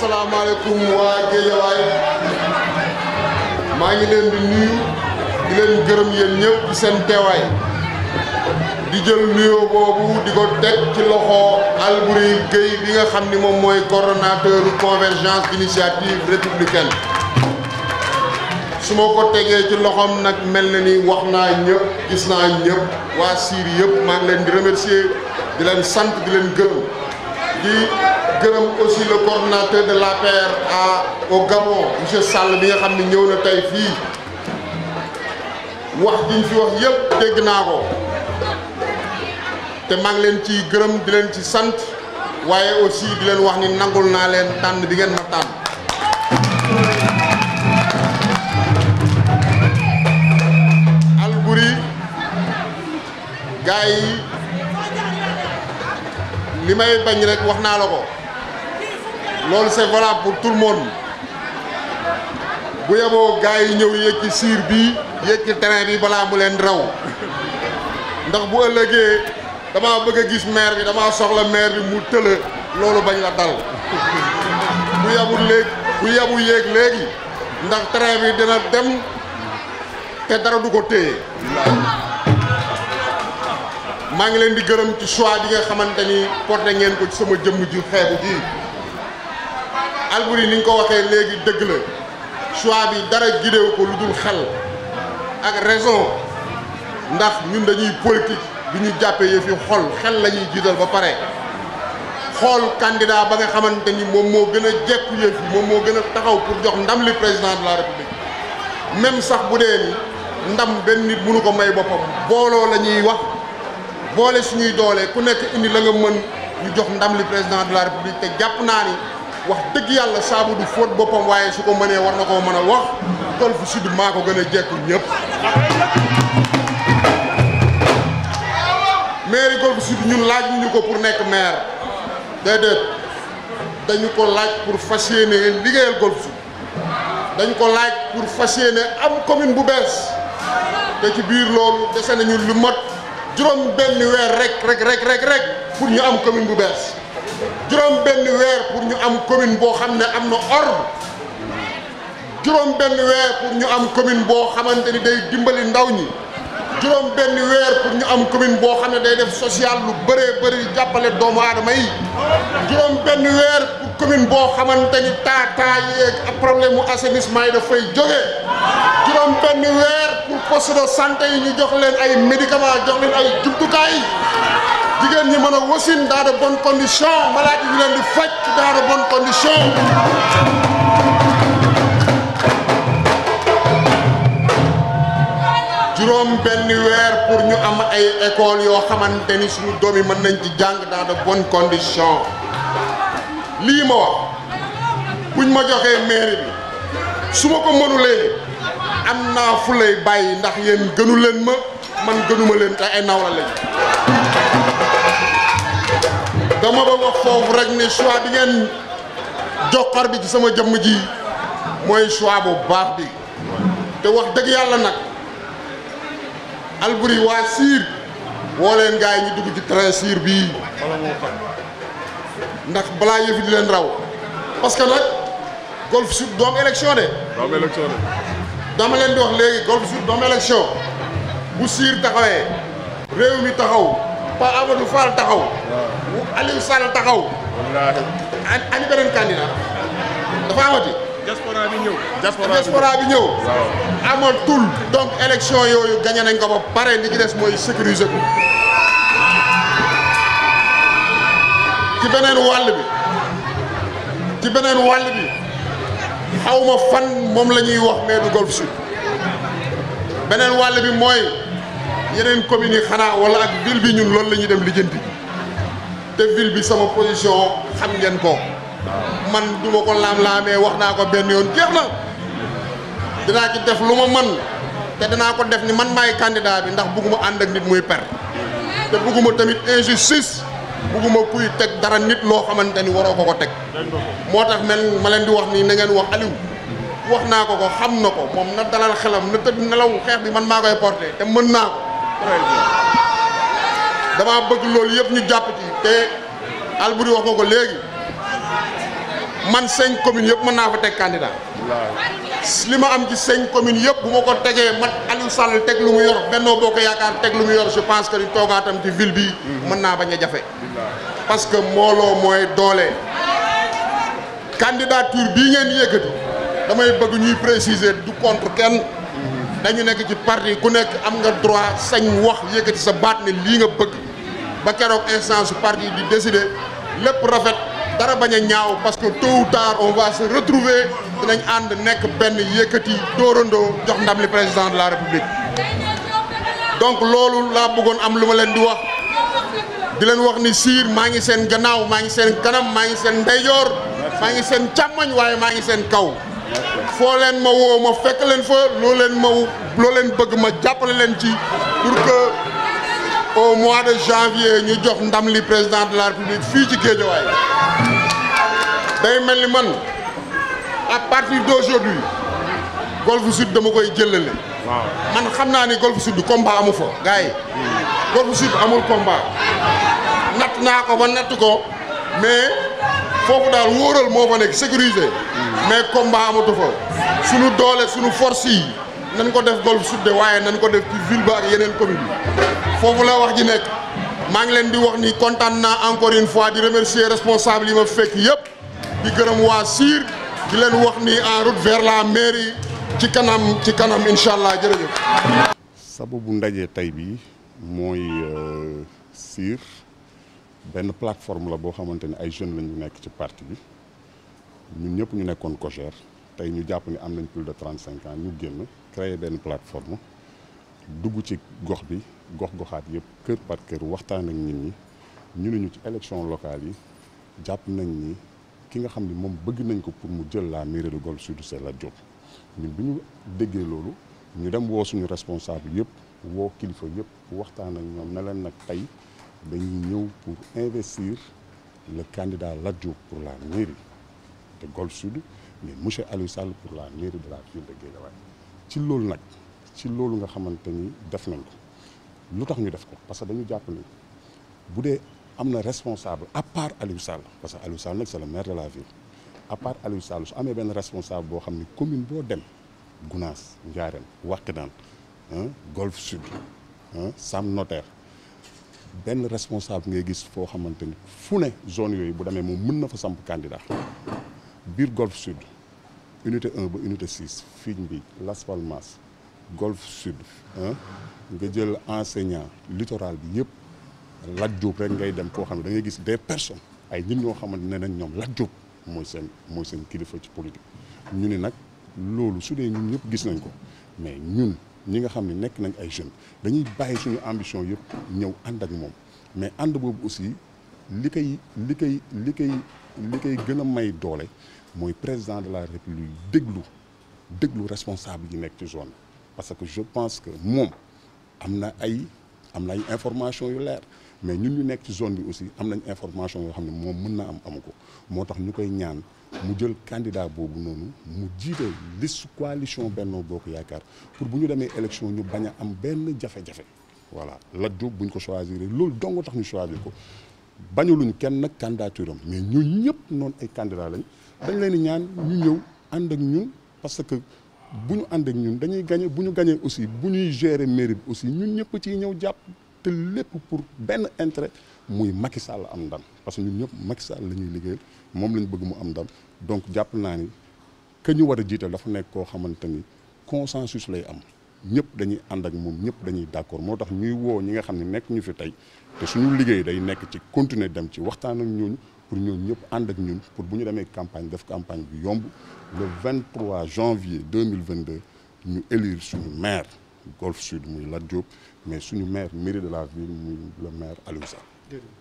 asalaamaaleykum waa Géejawaay maa ngi leen di nuyu di leen gërëm yéen ñëpp ci seen teewaay di jël nuyoo boobu di ko teg ci loxo Alboury Gueye bi nga xam ni moom mooy coordonnateur convergence initiative républicaine su ma ko tegee ci loxoom nag mel na ni wax naa ñëpp gis naa ñëpp waa Syrie yëpp maa ngi leen di remercier di leen sant di leen gërëm di. gërëm aussi le coordonnateur de la à au Gabon monsieur Sall bi nga xam ne ñëw na tey fii wax diñ fi wax yépp dégg naa ko te maa ngi leen ci gërëm di leen ci sant waaye aussi di leen wax ni nangul naa leen tànn di ngeen ma tànn Alboury gars yi li may bañ rek wax naa la ko loolu c'est valable pour tout bu yeboo gars yi ñëw yéeg ci siir bi yéeg ci terrain bi balaa mu leen raw ndax bu ëllëgee damaa bëgg a gis maire bi damaa soxla maire bi mu tëla loolu bañ la dal bu yebu léeg bu yebu yéeg léegi ndax terrain bi dina dem te dara du ko téye maa ngi leen di gërëm ci choix bi nga xamante ni porté ngeen ko ci sama jëmm ju xeebu ji Albouri ni ko waxee léegi dëgg la choix bi dara gidéew ko lu dul xel ak raison ndax ñun dañuy politique bi ñu jàppee yëf yi xol xel la ñuy jiital ba pare xool candidat ba nga xamante ni moom moo gën a jekku yëf yi moom moo gën a taxaw pour jox ndam li président de la république même sax bu dee ni ndam benn nit mënu ko may boppam booloo la ñuy wax boole suñuy doolee ku nekk indi la nga mën ñu jox ndam li président de la république te jàpp naa ni wax dëgg yàlla saabu du fóot boppam waaye su ko mënee war na koo mën a wax Golf Sud maa ko gën a jekku ñëpp maire Golf Sud ñun laaj ñu ko pour nekk maire déedéet dañu ko laaj pour fas yéene liggéeyal Golf Sud dañ ko laaj pour fas yéene am commune bu bees te ci biir loolu dese nañu lu mot juróom benn weer rek rek rek rek pour ñu am commune bu bees juróom benn weer pour ñu am commune boo xam ne am na ordre benn weer ñu am commune boo xamante ni day dimbali ndaw ñi juróom benn weer pour ñu am commune boo xam ne day def social lu bëree bëri jàppale doomu aadama yi juróom benn weer pour commune boo xamante ni taataa yeeg ak problème mu assainissement yi dafay jógee juróom benn weer pour poste de santé yi ñu jox leen ay médicament jox leen ay jumtukaay jigéen ñi mën a wasin dans bon bonnes conditions ñu leen di faj dans de bonnes conditions. juróom benn weer pour ñu am ay école yoo xamante ni suñu doom yi mën nañ ci jàng dans de bonnes conditions lii ma wax buñ ma joxee mairie bi su ma ko mënulee am naa fu lay bàyyi ndax yéen gënu leen ma man gënuma leen te ay nawla lañ dama ba wax foofu rek ne choix bi ngeen joxar bi ci sama jëmm ji mooy choix bu baax bi te wax dëgg yàlla nag Alboury waa siir woo leen gaa yi ñu dugg ci train siir bii ndax balaa yëfi di leen raw parce que nag Golf Sud doom élection de dama leen di wax léegi Golf Sud doom élection bu siir taxawee réew mi taxaw Pa Amadou Fall taxaw bu Aliou Sall taxaw. wallaahi. ani ani beneen candidat dafa amati. diaspora bi ñëw. diaspora bi ñëw. waaw amatul. donc élection yooyu gagné nañ ko ba pare li ci des mooy sécuriser ko. ci beneen wàll bi ci beneen wàll bi xawma fan moom la ñuy wax mais du Golf Sud beneen wàll bi mooy yeneen communes yi xanaa wala ak ville bi ñun loolu la ñuy dem lijjanti. te ville bi sama position xam ngeen ko man du ma ko laam-laamee wax naa ko benn yoon jeex na dinaa ci def lu ma mën te danaa ko def ni man maay candidat bi ndax bugguma ànd ak nit muy per te bugguma tamit injustice bugguma kuy teg dara nit loo xamante ni waroo ko ko teg moo tax man ma leen di wax nii na ngeen wax Aliou wax naa ko ko xam na ko moom na dalal xelam na tëdd nelaw xeex bi man maa koy porte te mën naa ko dama bëgg loolu yëpp ñu jàpp ci te Alboury wax ko léegi man cinq communes yëpp mën naa fa teg candidat li ma am ci cinq communes yëpp bu ma ko tegee man Aliou Sall teg lu mu yor Benno Bokk Yaakaar teg lu mu yor je pense que di toogaatam ci ville bi mën naa bañ a jafe parce que mbooloo mooy doole candidature bii ngeen yëkkati damay bëgg ñuy préciser du contre kenn dañu nekk ci parti ku nekk am nga droit sañ wax yëkkati sa baat ne lii nga bëgg ba keroog instance su parti di décider lépp rafet dara bañ a ñaaw parce que tout ou tard on va se retrouver nañ ànd nekk benn yëkkati dóorandoo jox ndam li président de la république. donc loolu laa bëggoon am lu ma leen di wax di leen wax ni siir maa ngi seen gannaaw maa ngi seen kanam maa ngi seen ndeyjoor maa ngi seen càmmoñ waaye maa ngi seen kaw. foo leen ma ma fekk leen fa loo leen ma loo leen bëgg ma jàppale leen ci pour que. au mois de janvier ñu jox ndam li président de la république fii ci Guédiawaye day mel ni man à parti d'aujourd'hui Golf Sud dama koy jëlale man xam naa ni Golf Sud combat amu fa gars Golf Sud amul combat natt naa ko ba natt ko mais foofu daal wóoral moo fa nekk sécurisé mais combat amatu fa sunu doole sunu force yi nan ko def Golf Sud de waaye nan ko def ci ville ba ak yeneen commune bi foofu la wax ji nekk maa ngi leen di wax ni kontaan na encore une fois di remercier responsable yi ma fekk yëpp di gërëm waa Sire di leen wax ni en route vers la mairie ci kanam ci kanam incha allah jërëjëf. sababu ndaje tey bi mooy euh, Sire benn plateforme la boo xamante ni ay jeunes la ñu nekk ci parti bi ñun ñëpp ñu nekkoon COJER tey ñu jàpp ni am nañ plus de trente cinq ans ñu génn créer benn plateforme. dugg ci gox bi gox-goxaat yëpp kër par kër waxtaan ak nit ñi ñu ne ñu ci élection locale yi jàpp nañ ni ki nga xam ni moom bëgg nañ ko pour mu jël la mairie de Golf Sud c'est Lat Diop bi ñu déggee loolu ñu dem woo suñu responsable yëpp woo kilifa yëpp waxtaan ak ñoom ne leen nag tey dañuy ñëw pour investir le candidat Lat Diop pour la mairie de Golf Sud mais monsieur Aliou Sall pour la mairie de la ville de Guédiawaye ci loolu nag. ci loolu nga xamante ni def na lu tax ñu def ko parce que dañu jàpp ni bu dee am na responsable à part Aliou Sall parce que Aliou Sall nag c'est de la ville à part Aliou Sall su amee benn responsable boo xam ni commune boo dem Gounass Ndiarème Wakhinane Golf Sud Sam Notaire benn responsable ngay gis foo xamante ni fu ne zone yooyu bu demee moom mën na fa samp candidat biir Golf Sud unité 1 ba unité 6 Fignes bi Las Palmas golfe sud nga jël enseignant littoral bi yëpp Lat Diop rek ngay dem koo xam ne da ngay gis des personnes ay nit ñoo xamante ne nañ ñoom Lat Diop mooy seen mooy seen kilifa ci politique ñu ni nag loolu su dee ñun ñëpp gis nañ ko mais ñun ñi nga xam ne nekk nañ ay jeunes dañuy bàyyi suñu ambition yëpp ñëw ànd ak moom mais ànd boobu aussi li koy li koy li koy li koy gën a may doole mooy président de la république déglu déglu responsable yi nekk ci zone parce que je pense que moom am na ay am na ay information yu leer mais ñun ñu nekk ci zone bi aussi am nañ information yoo xam ne moom mën na am amu ko moo tax ñu koy ñaan mu jël candidat boobu noonu mu jiite liste coalition Benno Bokk Yaakaar pour bu ñu demee élection ñu bañ a am benn jafe-jafe voilà Lat Diop bu ñu ko choisir loolu dong tax ñu choisir ko bañaluñ kenn nag candidature am mais ñu ñëpp noonu ay candidat lañ dañ leen ñaan ñu ñëw ànd bu ñu àndeek ak ñun dañuy gagné bu ñu gañee aussi bu ñuy gérer mairie bi aussi ñun ñëpp ciy ñëw jàpp te lépp pour benn intérêt muy Macky Sall am ndam parce que ñun ñëpp Macky Sall la ñuy liggéeyal moom lañ bëgg mu am ndam donc jàpp naa ni que ñu war a jiital dafa nekk koo xamante ni consensus lay am. ñëpp dañuy ànd ak moom ñëpp dañuy d'accord moo tax ñuy woo ñi nga xam ne nekk ñu fi tey te suñu liggéey day nekk ci continuer dem ci waxtaan ak ñooñu pour ñooñu ñëpp ànd ak ñun pour bu ñu demee campagne def campagne bu yomb le mille vingt 2022 ñu élire suñu maire Golf Sud muy Lat Diop mais suñu maire mairie de la ville muy le maire Aliou Sall